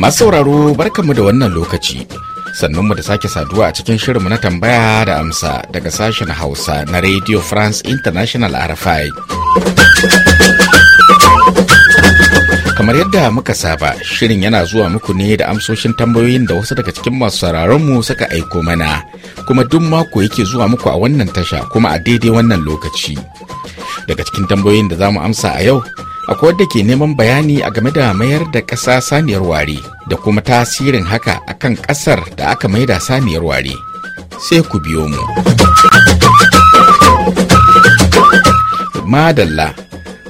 Masu sauraro barkanmu da wannan lokaci. Sannunmu da sake saduwa a cikin shirinmu na tambaya da amsa daga sashen Hausa na Radio France International RFI. Kamar yadda muka saba, shirin yana zuwa muku ne da amsoshin tambayoyin da wasu daga cikin masu sauraronmu suka aiko mana, kuma duk mako yake zuwa muku a wannan tasha kuma a daidai wannan lokaci. Daga cikin tambayoyin da za mu amsa a yau, akwai wadda ke neman bayani a game da mayar da ƙasa saniyar ware da kuma tasirin haka akan ƙasar da aka maida saniyar ware sai ku biyo mu madalla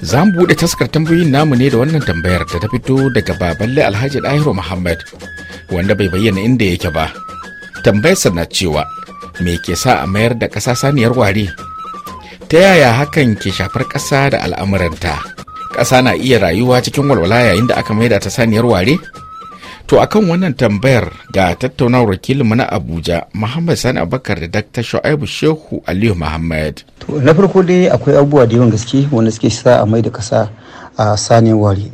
za mu buɗe taskar tambayoyin namu ne da wannan tambayar da ta fito daga baballe alhaji ɗahiru muhammad wanda bai bayyana inda yake ba tambayarsa na cewa me ke sa a mayar da ƙasa saniyar ware ta yaya hakan ke shafar ƙasa da al'amuranta ƙasa na iya rayuwa cikin walwala yayin da aka maida ta saniyar ware? To akan wannan tambayar ga tattaunawar wakilinmu na Abuja Muhammad Sani Abakar da Dr. Shu'aibu Shehu Aliyu Muhammad. To na farko dai akwai abubuwa da yawan gaske wanda suke sa a maida da kasa a saniyar ware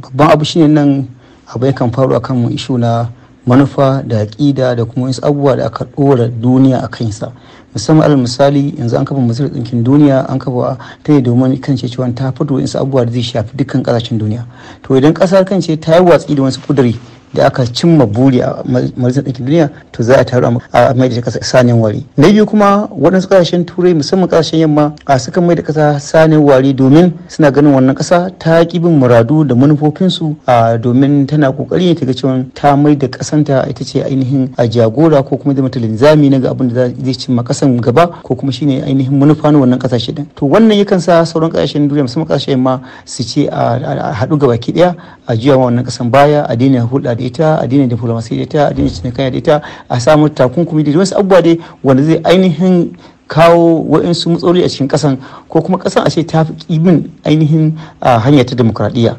Babban abu shine nan abu yakan faru akan ishu na manufa da aƙida da kuma wasu abubuwa da aka ɗora duniya a kansa. musamman alal misali yanzu an kafa masirar ɗinkin duniya an kafa ta ne domin kan ce cewa ta fito sa abubuwa da zai shafi dukkan ƙasashen duniya to idan kasar kan ce ta yi watsi da wasu kuduri da aka cimma buri a majalisar ɗinkin duniya to za a taru a mai da kasa sanin wari na biyu kuma waɗansu ƙasashen turai musamman ƙasashen yamma a suka mai da kasa sanin wari domin suna ganin wannan ƙasa ta ƙi bin muradu da manufofinsu a domin tana ƙoƙari ta ga cewa ta mai da ƙasanta ita ce ainihin a jagora ko kuma zama ta linzami na ga abin da zai cimma ƙasan gaba ko kuma shine ainihin manufa na wannan ƙasashe din to wannan yakan sa sauran ƙasashen duniya musamman ƙasashen yamma su ce a haɗu gaba ki ɗaya a juya wannan ƙasan baya a daina hulɗa ita a daina diplomasiyya da ita a daina cinikayya da ita a samu takunkumi da wasu abubuwa dai wanda zai ainihin kawo waɗansu matsaloli a cikin kasan ko kuma kasan a ce ta fi bin ainihin hanya ta demokradiyya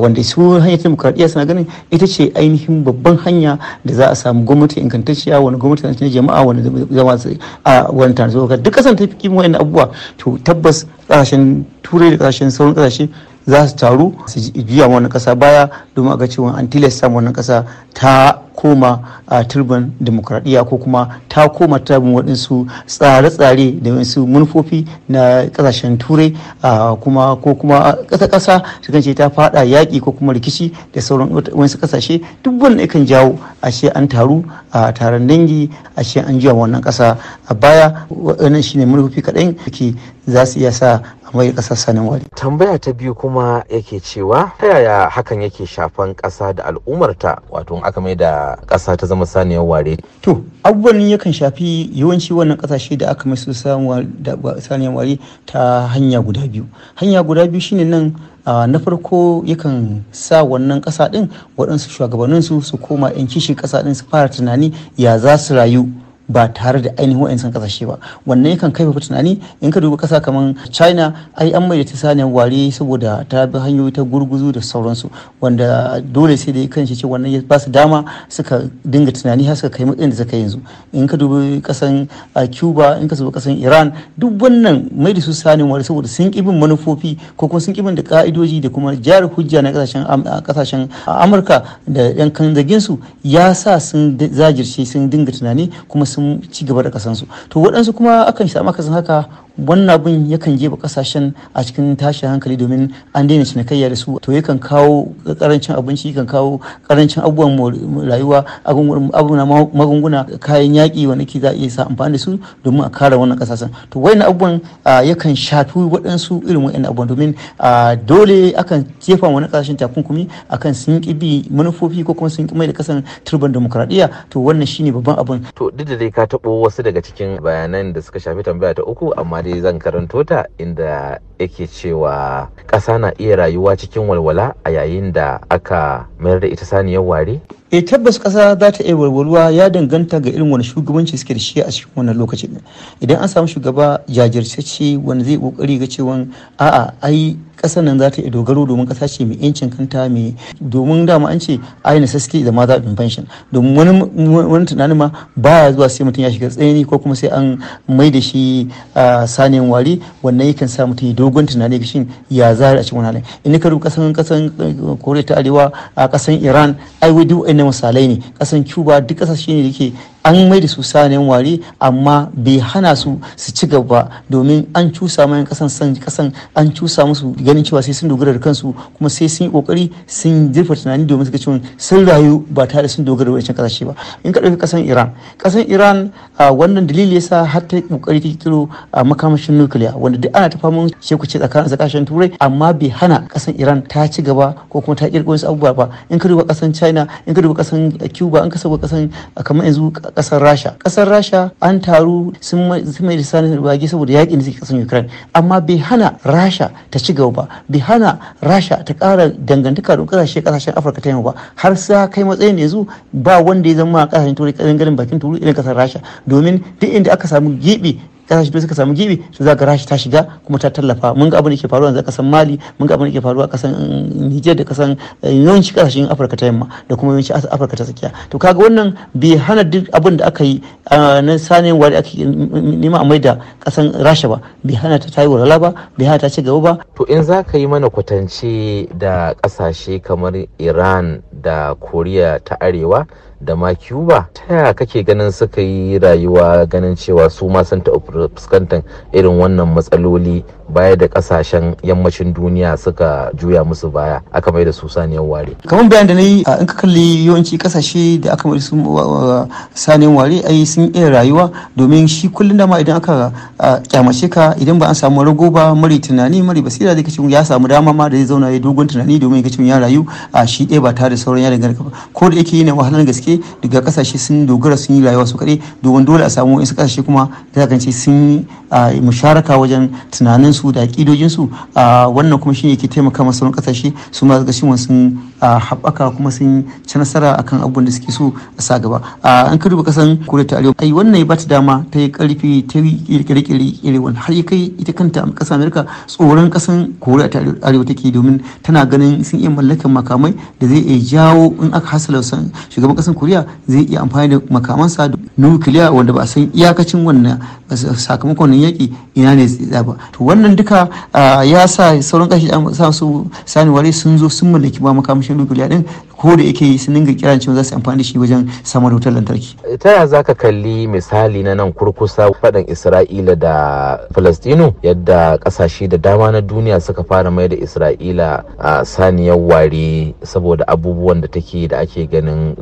wanda su hanyar ta demokradiyya suna ganin ita ce ainihin babban hanya da za a samu gwamnati ingantacciya wani gwamnati na jama'a wani zama a wani tarzoka duk ƙasan ta fi bin wa'in abubuwa to tabbas ƙasashen turai da ƙasashen sauran ƙasashe za su taru su juya wannan kasa baya domin a ga cewa an tilasta wannan kasa ta koma a turban demokradiyya ko kuma ta koma bin waɗansu tsare-tsare da waɗansu manufofi na ƙasashen turai kuma ko kuma ƙasa ƙasa su ce ta faɗa yaƙi ko kuma rikici da sauran wasu ƙasashe duk ya yakan jawo a ce an taru a taron dangi a ce an jiwa wannan ƙasa a baya waɗannan shine manufofi kaɗan da za su iya sa kuma kasar wari. tambaya ta biyu kuma yake cewa ta yaya hakan yake shafan ƙasa da al'ummarta wato aka mai da kasa ta zama saniyar ware to abubuwan yakan shafi yawanci wannan kasashe da aka mai su saniyar ware ta hanya guda biyu hanya guda biyu shine nan Uh, na farko yakan sa wannan ƙasa din waɗansu shugabanninsu su koma 'yan kishin ƙasa din su fara tunani ya za su rayu ba tare da ainihin san kasashe ba wannan yakan kai tunani in ka duba kasa kamar china ai an mai da ta saniyar ware saboda ta bi hanyoyi ta gurguzu da sauransu wanda dole sai dai kan shi ce wannan ya ba su dama suka dinga tunani har suka kai matsayin da suka yanzu in ka duba kasan cuba in ka duba kasan iran duk wannan mai da su saniyar wari saboda sun ki bin manufofi ko kuma sun ki bin da ka'idoji da kuma jihar hujja na kasashen amurka da yan kan zagin su ya sa sun zajirce sun dinga tunani kuma sun ci gaba da kasansu to waɗansu kuma akan samu akasin haka wannan abin yakan jefa kasashen a cikin tashin hankali domin an daina cinikayya da su to yakan kawo karancin abinci yakan kawo karancin abubuwan rayuwa abubuwan magunguna kayan yaƙi wanda ke za a iya sa amfani da su domin a kare wannan kasashen to wayannan abubuwan yakan shafi waɗansu irin wayannan abubuwan domin dole akan jefa wani kasashen takunkumi akan sun ƙi bi manufofi ko kuma sun ƙi mai da kasan turban demokuraɗiyya to wannan shine babban abin to duk da dai ka taɓo wasu daga cikin bayanan da suka shafi tambaya ta uku amma dai zan karanto ta inda yake cewa ƙasa na iya rayuwa cikin walwala a yayin da aka mayar da ita saniyar ware? E tabbas ƙasa za ta iya walwaluwa ya danganta ga irin wani shugabanci suke da shi a cikin wannan lokacin. Idan an samu shugaba jajirtacce wanda zai ƙoƙari ga cewa a'a ai ƙasar nan za ta iya dogaro domin ƙasa ce mai yancin kanta mai domin dama an ce ai necessity da maza invention domin wani tunanin ma baya zuwa sai mutum ya shiga tsayini ko kuma sai an mai da shi saniyan wari wannan yakan sa mutum ya dogon tunani ga shin ya zari a cikin wani halin in ka duba ƙasan ƙasan eh, koriya ta arewa a ƙasan iran ai wai duk misalai ne ƙasan cuba duk ƙasashe ne da ke an mai da su sanayen ware amma bai hana su su ci gaba domin an cusa mayan kasan san kasan an cusa musu ganin cewa sai sun dogara da kansu kuma sai sun yi kokari sun jirfa tunani domin su ga cewa sun rayu ba tare sun dogara da wancan kasashe ba in ka ɗauki kasan iran kasan iran ah, wannan dalili yasa har ta kokari ta kiro ah, makamashin nukiliya wanda duk ana ta faman shekuce tsakanin zakashin turai amma bai hana kasan iran ta ci gaba ko kuma ta kirkiro wasu abubuwa ba in ka duba kasan china in ka duba kasan eh, cuba in ka duba kasan ah, kamar yanzu kasar rasha kasar rasha an taru sun mai lisanin bage saboda yakin da suke kasan ukraine amma bai hana rasha ta ci gaba ba bai hana rasha ta ƙara dangantaka da kasashe kasashen afirka ta yamma ba har sa kai matsayin yanzu ba wanda ya zama a kasashen turai garin bakin turu irin kasar rasha domin duk inda aka samu gibi kasashe turai suka samu gibi su za ka rashi ta shiga kuma ta tallafa mun ga abin da ke faruwa yanzu a kasan mali mun ga abin da ke faruwa a kasan eh, niger da kasan eh, yawanci kasashen afirka ta yamma da kuma yawanci afirka ta tsakiya to kaga wannan bai hana duk abin da aka yi eh, na sanin wari aka mm, nema a maida kasan rasha ba bai hana ta tayi walala ba bai hana ta ci gaba ba to in za ka yi mana kwatance da kasashe kamar iran da koriya ta arewa da ma cuba ta yaya kake ganin suka yi rayuwa ganin cewa su ma sun taɓa fuskantar irin wannan matsaloli baya da ƙasashen yammacin duniya suka juya musu baya aka mai da su saniyar ware kamar bayan da na yi in ka kalli yawanci ƙasashe da aka mai su saniyar ware ai sun iya rayuwa domin shi kullum dama idan aka kyamace ka idan ba an samu rago ba mari tunani mari basira da kacin ya samu dama ma da zai zauna ya dogon tunani domin kacin ya rayu a shi ɗaya ba tare da sauran ya ba ko da yake yana wahalar gaske gaske daga kasashe sun dogara sun yi rayuwa su kaɗai domin dole a samu wasu kasashe kuma da kan ce sun yi musharaka wajen tunanin su da ƙidojin su wannan kuma shine ke taimaka masu wani kasashe su ma gashi wasu sun haɓaka kuma sun ci nasara akan abubuwan da suke so a sa gaba an ka duba kasan koriya ta arewa ai wannan ya bata dama ta yi ƙarfi ta yi ƙirƙiri wani har ya kai ita kanta a ƙasar amerika tsoron kasan koriya ta arewa take domin tana ganin sun iya mallakan makamai da zai iya jawo in aka hasala shugaban kasan kasan koriya zai iya amfani da makamansa da nukiliya wanda ba a san iyakacin wannan sakamakon nan yaƙi ina ne tsitsa ba to wannan duka ya sa sauran kashi sa su sani ware sun zo sun mallaki ba makamashin nukiliya din ko da yake sun dinga kiran cewa za su amfani da shi wajen samar da wutar lantarki ta ya zaka kalli misali na nan kurkusa faɗan isra'ila da falastinu yadda kasashe da dama na duniya suka fara mai da isra'ila saniyar ware saboda abubuwan da take da ake ganin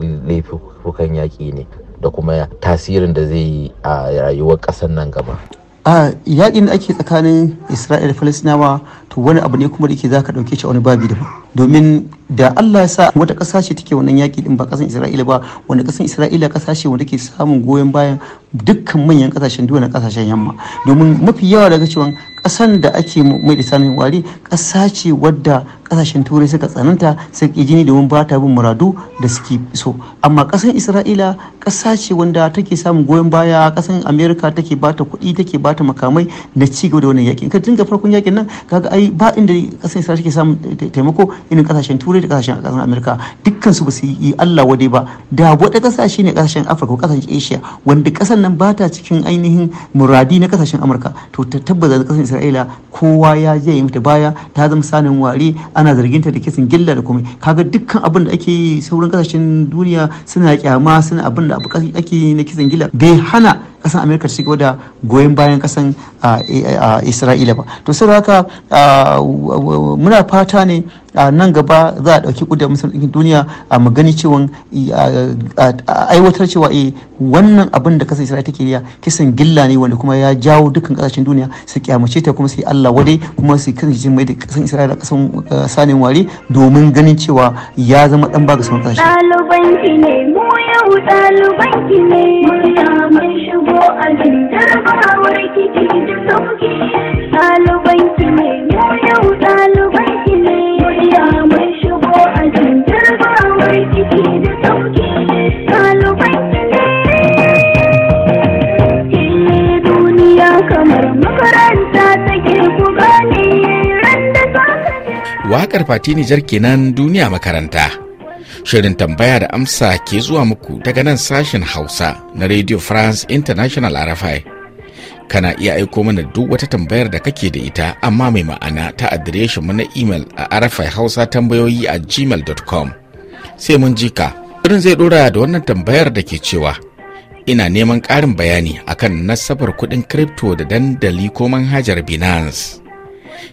laifukan yaƙi ne da kuma tasirin da zai yi a rayuwar ƙasar nan gaba a yaƙin da ake tsakanin isra'ila falasinawa to wani abu ne kuma da ke zaka ka ɗauke shi a wani babi daban domin da allah ya sa wata ƙasa ce take wannan yaƙi din ba ƙasan isra'ila ba wanda ƙasar isra'ila ƙasa ce wanda ke samun goyon bayan dukkan manyan ƙasashen duniya ƙasashen yamma domin mafi yawa daga cewa ƙasan da ake mai da sanin wari kasa ce wadda ƙasashen turai suka tsananta sai ke jini domin ba ta bin muradu da suke so amma kasan isra'ila kasa ce wanda take samun goyon baya kasan amerika take ba ta kuɗi take ba ta makamai na ci gaba da wannan yakin ka tun farkon yakin nan kaga ai ba inda kasan isra'ila take samun taimako irin kasashen turai da kasashen kasan amerika dukkan su ba su yi allah wadai ba da wata ƙasashe ne kasashen afirka ko ƙasashen asia wanda kasan nan ba ta cikin ainihin muradi na kasashen amurka to ta tabbata kasan isra'ila kowa ya je yi mata baya ta zama sanin wari ana zarginta da kisan gilla da komai kaga dukkan abin da ake yi sauran kasashen duniya suna kyama suna abin da ake yi na kisan gilla bai hana kasan amerika ta shigo da goyon bayan kasan isra'ila ba to saboda haka muna fata ne a nan gaba za a ɗauki kudin musulun duniya a magani cewa aiwatar cewa eh, wannan abin da kasar isra'ila take riya kisan gilla ne wanda kuma ya jawo dukkan kasashen duniya su kyamace ta kuma su yi allah wadai kuma su kasance jin mai da kasan isra'ila kasan eh, sanin wari domin ganin cewa ya zama ɗan baga sauran ƙasashe. ɗalibanki ne mu yau ɗalibanki ne mun shigo a jin jarabawar kiki da sauki. Waƙar Fati Nijar kenan duniya makaranta. Shirin tambaya da amsa ke zuwa muku daga nan sashen Hausa na Radio France International RFI. Kana iya aiko mana duk wata tambayar da kake da ita amma mai ma'ana ta adireshin mu na imel a RFI Hausa tambayoyi a gmail.com. Sai mun ka, irin zai dora da wannan tambayar da ke cewa ina neman ƙarin bayani akan nasabar kuɗin kripto da dandali ko manhajar Binance.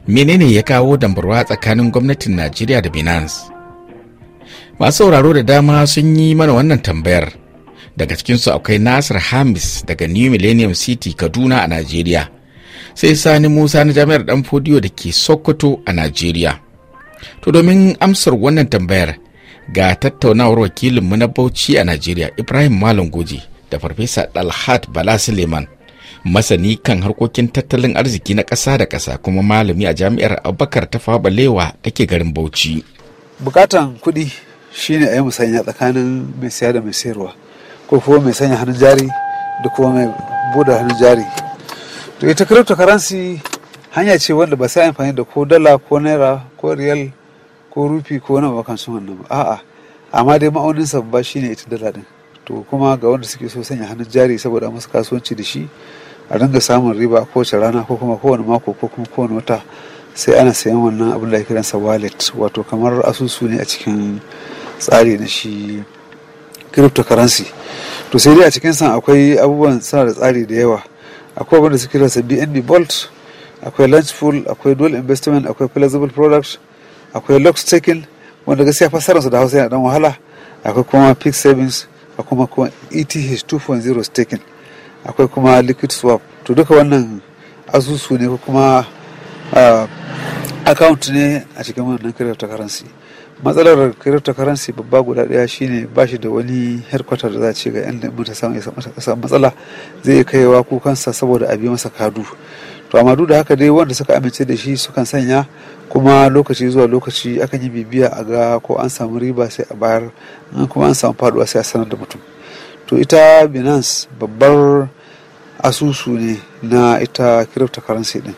menene ya kawo dambarwa tsakanin gwamnatin najeriya da binance masu sauraro da dama sun yi mana wannan tambayar daga cikinsu akwai nasir hamis daga new millennium city kaduna a najeriya sai sani musa na jami'ar dan fodiyo da ke sokoto a najeriya to domin amsar wannan tambayar ga tattaunawar wakilinmu na bauchi a najeriya ibrahim malam goji da farfesa dalhat bala suleiman masani kan harkokin tattalin arziki na ƙasa da ƙasa kuma malami a jami'ar abubakar ta lewa da ke garin bauchi bukatan kuɗi shine a yi musanya tsakanin mai siya da mai sayarwa ko kuma mai sanya hannun jari da kuma mai buɗe hannun jari to ita cryptocurrency hanya ce wanda ba sai amfani da ko dala ko naira ko riyal ko rufi ko wani su wannan ba a'a amma dai ma'aunin sa ba shine ita dala din to kuma ga wanda suke so sanya hannun jari saboda masu kasuwanci da shi a ringa samun riba kowace rana ko kuma kowane mako ko kuma kowane wata sai ana sayan wannan abin da ake kiransa wallet wato kamar asusu ne a cikin tsari na shi cryptocurrency to sai dai a cikin san akwai abubuwan suna da tsari da yawa akwai abin da suke kiransa bnb bolt akwai launch pool akwai dual investment akwai flexible product akwai lock staking wanda gaskiya su da hausa yana dan wahala akwai kuma fixed savings akwai kuma eth 2.0 staking akwai kuma liquid swap to duka wannan asusu ne ko kuma account ne a cikin wannan cryptocurrency matsalar cryptocurrency babba guda daya shine ba shi da wani headquarter da za a ce ga yan lambu ta samu matsala zai iya kaiwa kukansa saboda a bi masa kadu to amma duk da haka dai wanda suka amince da shi sukan sanya kuma lokaci zuwa lokaci akan yi bibiya a ga ko an samu riba sai a bayar kuma an samu faduwa sai a sanar da mutum to ita binance babbar asusu ne na ita cryptocurrency din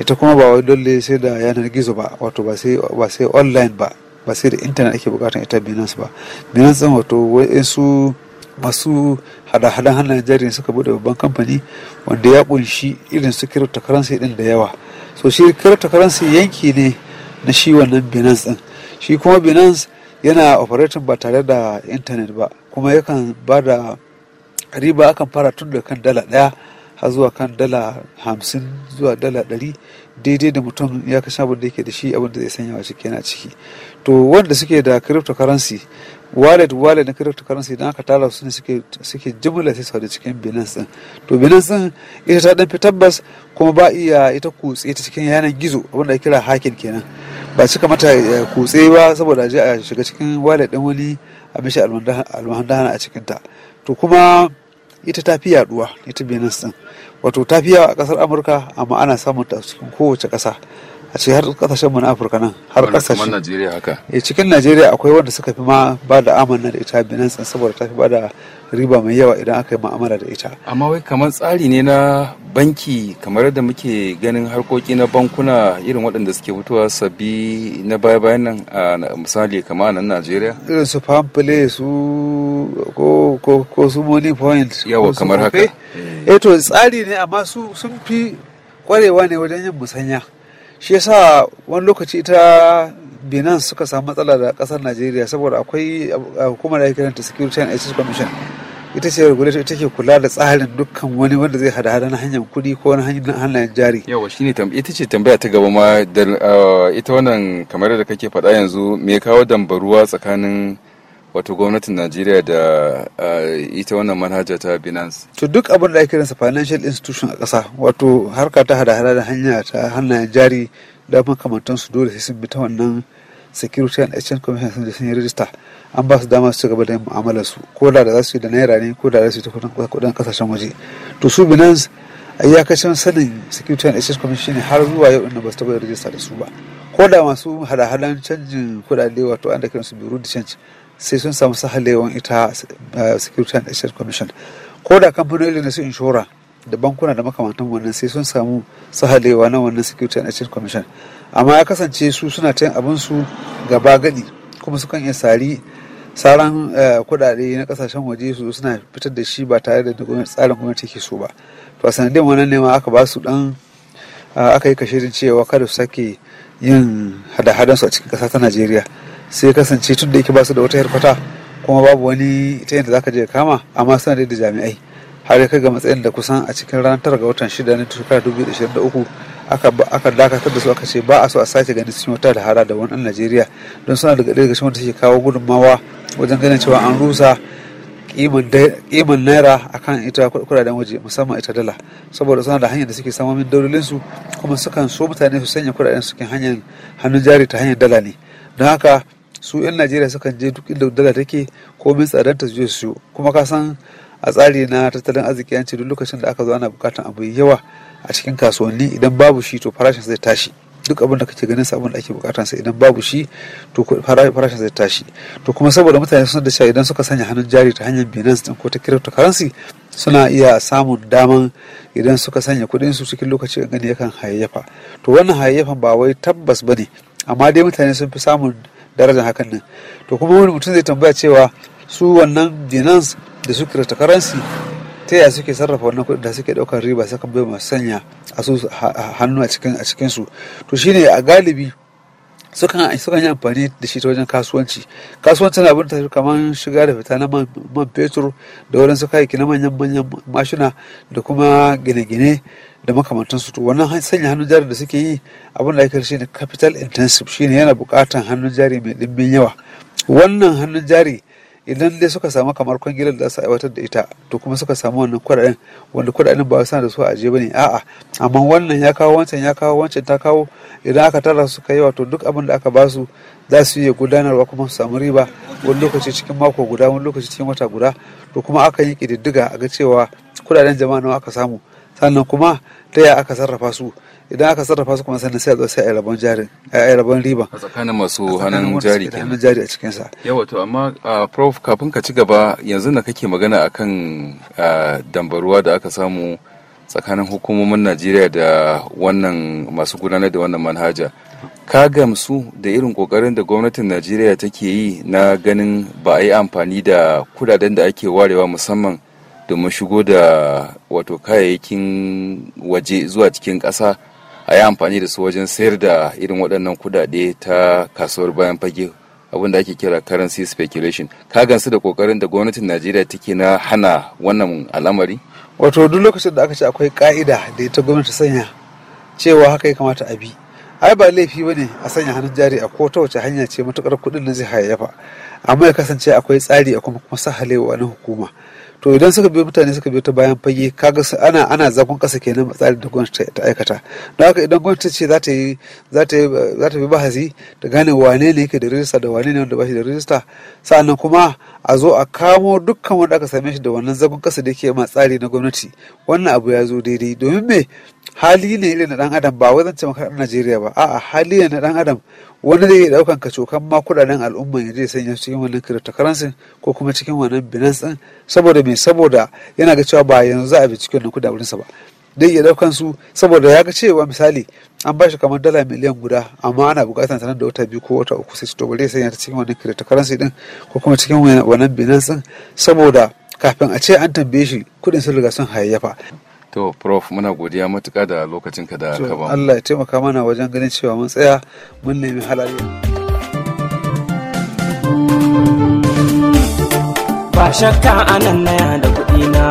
ita kuma ba wai dole sai da yanar gizo ba wato ba sai online ba ba sai da intanet ake bukatan ita binance ba binance din wato su masu hada-hadan hannun jari ne suka bude babban kamfani wanda ya kunshi irin su cryptocurrency din da yawa so shi cryptocurrency yanki ne na shi wannan binance din shi kuma binance yana operating ba tare da intanet ba kuma yakan ba da riba akan fara tun da kan dala ɗaya har zuwa kan dala hamsin zuwa dala ɗari daidai da mutum ya kashe abin da yake da shi abin da zai sanya wa shi kenan ciki to wanda suke da cryptocurrency wallet wallet na cryptocurrency idan aka tara su ne suke suke jimla sai su cikin binance din to binance din ita ta dan tabbas kuma ba iya ita kutse ta cikin yanar gizo wanda kira hacking kenan ba cika mata eh, kutse ba saboda je a shiga cikin wallet din wani a mishi almahandana a cikin ta to kuma ita ta fi yaduwa ita binance din wato ta a kasar amurka amma ana samun ta cikin kowace kasa a ce har kasashenmu na afirka nan har kuma najeriya haka e cikin najeriya akwai wanda suka fi ma ba da amana da ita binance saboda ta fi ba da riba mai yawa idan aka yi ma'amala da ita amma wai kamar tsari ne na banki kamar yadda muke ganin harkoki na bankuna irin waɗanda suke fitowa sabbi na baya-bayan nan a misali kamar nan najeriya irin su play su ko su money point yawa kamar haka eh to tsari ne amma su sun fi kwarewa ne wajen yin musanya shi yasa wani lokaci ita binan suka samu matsala da kasar Najeriya saboda akwai eh, hukumar da ta Security and Exchange Commission ita ce regulator ita ke kula da tsarin dukkan wani wanda zai hada hada na hanyar kuɗi ko na hanyar jari yawa shine ita ce tambaya ta gaba ma eh, ita wannan kamar da kake faɗa yanzu me kawo dambaruwa tsakanin wato gwamnatin Najeriya da eh, ita wannan manhaja ta Binance. To duk abin da ake kiransa financial institution a ƙasa wato harka ta hada-hada da hanya ta hannayen jari da su dole sai sun bi ta wannan security and exchange commission sun je sun yi register an ba su dama su gaba da yin mu'amalar su ko da da za su yi da naira ne ko da za su yi ta kudin kasashen waje to su binance a iyakacin sanin security and exchange commission ne har zuwa yau inda ba su taba rijista da su ba ko da masu hada-hadan canjin kudade wato an da kiransu bureau de change sai sun samu sahalewan ita eh, security and exchange commission ko da kamfanoni na su inshora da bankuna da makamantan wannan sai sun samu sahalewa na wannan security and exchange commission amma ya kasance su suna ta yin abin su gaba gadi kuma su kan iya sari saran eh, kudade na kasashen waje su suna fitar da shi ba tare da tsarin gwamnati ke so ba to a sanadin wannan ne ma aka ba su dan eh, aka yi kashirin cewa kada su sake yin hada-hadansu a cikin kasa ta najeriya sai kasance tun da yake ba su da wata yarfata kuma babu wani ta yadda zaka je kama amma suna da jami'ai har ya kai ga matsayin da kusan a cikin ranar tara ga watan shida na shekara dubu da da uku aka dakatar da su aka ce ba a so a sake ganin sun wata da hara da wani ɗan najeriya don suna daga ɗaya daga cikin wanda kawo gudunmawa wajen ganin cewa an rusa kiman naira akan ita kudaden waje musamman ita dala saboda suna da hanyar da suke samomin daulolin su kuma sukan so mutane su sanya kudaden su hanyar hannun jari ta hanyar dala ne don haka su 'yan najeriya sukan je duk inda dala take ko min tsadar ta zuwa su kuma ka san a tsari na tattalin arziki yanci duk lokacin da aka zo ana bukatan abu yawa a cikin kasuwanni idan babu shi to farashin zai tashi duk abin da kake ganin sa abin da ake bukatan sa idan babu shi to farashin zai tashi to kuma saboda mutane sun da cewa idan suka sanya hannun jari ta hanyar Binance din ko ta cryptocurrency suna iya samun daman idan suka sanya kuɗin su cikin lokaci gani yakan hayayyafa to wannan hayayyafan ba wai tabbas bane amma dai mutane sun fi samun darajar hakan nan to kuma wani mutum zai tambaya cewa su wannan binance da su cryptocurrency ta yaya suke sarrafa wannan kuɗin da suke ɗaukar riba saka bai masu sanya a su hannu a cikin su to shine a galibi sukan sukan yi amfani da shi ta wajen kasuwanci kasuwancin abin ta kamar shiga da fita na man fetur da su kayayyaki na manyan manyan mashina da kuma gine-gine da makamantansu su wannan sanya hannun jari da suke yi abin da ake shi ne capital intensive shine yana bukatan hannun jari mai dimbin yawa wannan hannun jari idan dai suka samu kamar kwangilar da su aiwatar da ita to kuma suka samu wannan kuɗaɗen wanda kuɗaɗen ba suna da su a ba ne a'a amma wannan ya kawo wancan ya kawo wancan ta kawo idan aka tara su ka yi to duk abin da aka ba su za su iya gudanarwa kuma su samu riba wani lokaci cikin mako guda wani lokaci cikin wata guda to kuma aka yi ƙididdiga a ga cewa kuɗaɗen jama'a nawa aka samu sannan kuma ta ya aka sarrafa su idan aka sarrafa su kuma sannan sai a zo sai a rabon jari a rabon riba a tsakanin masu hannun jari kenan hannun jari a cikin sa yawa to amma prof kafin ka ci gaba yanzu na kake magana akan dambaruwa da aka samu tsakanin hukumomin Najeriya da wannan masu gudanar da wannan manhaja ka gamsu da irin kokarin da gwamnatin Najeriya take yi na ganin ba a yi amfani da kudaden da ake warewa musamman mu shigo da wato kayayyakin waje zuwa cikin ƙasa a yi amfani da su wajen sayar da irin waɗannan kudade ta kasuwar bayan fage abin da ake kira currency speculation ka gansu da kokarin da gwamnatin najeriya take na hana wannan al'amari wato duk lokacin da aka ce akwai ka'ida da ita gwamnati sanya cewa haka ya kamata a bi ai ba laifi bane a sanya hannun jari a ko ta wace hanya ce matukar kuɗin na zai hayayyafa amma ya kasance akwai tsari a kuma kuma sahalewa na hukuma to idan suka biyo mutane suka biyo ta bayan fage kaga ana ana zagon kasa kenan tsarin da gwamnati ta aikata don haka idan gwamnati ce za ta yi za ta za ta bi bahasi ta gane wane ne yake da rijista da wane ne wanda ba shi da rijista sannan kuma a zo a kamo dukkan wanda aka same shi da wannan zagon kasa da yake ma tsari na gwamnati wannan abu ya zo daidai domin me hali ne irin na dan adam ba wai ce maka Najeriya ba a'a hali ne na dan adam wani zai iya daukan kan ma kudaden al'umma ya je sanya cikin wannan cryptocurrency ko kuma cikin wannan Binance din saboda me saboda yana ga cewa ba yanzu za a bi cikin wannan kudaden sa ba dai ya daukan su saboda ya ga cewa misali an ba shi kamar dala miliyan guda amma ana bukatar sanar da wata biyu ko wata uku sai to bare sanya ta cikin wannan cryptocurrency din ko kuma cikin wannan Binance saboda kafin a ce an tambaye shi kudin sun riga sun hayayyafa to prof muna godiya matuka da lokacin ka da ka ba Allah ya taimaka mana wajen ganin cewa mun tsaya mun nemi halali ba shakka anan na da kuɗi na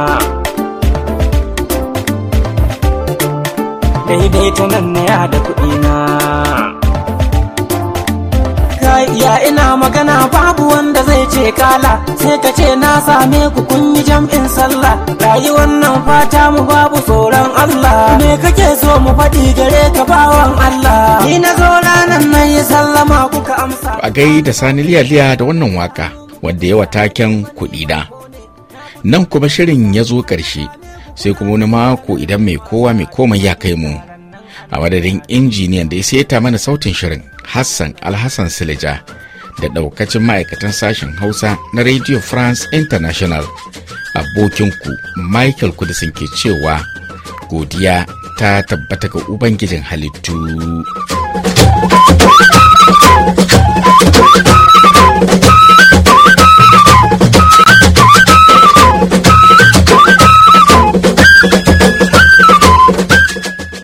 daidaito nan na da kuɗi na ya ina magana babu wanda zai ce kala sai ka ce na same ku kun yi jam'in sallah rayu wannan fata mu babu tsoron Allah me kake so mu faɗi gare ka bawan Allah ni na zo ranan nan yi sallama kuka amsa a gai da sani liya liya da wannan waka wanda yawa taken kuɗi na nan kuma shirin ya zo ƙarshe sai kuma wani mako idan mai kowa mai komai ya kai mu a madadin injiniyan da ya seta mana sautin shirin Hassan Alhassan Sileja da ɗaukacin ma'aikatan sashen Hausa na Radio France International abokinku Michael Kudisin ke cewa godiya ta tabbata ga Ubangijin halittu.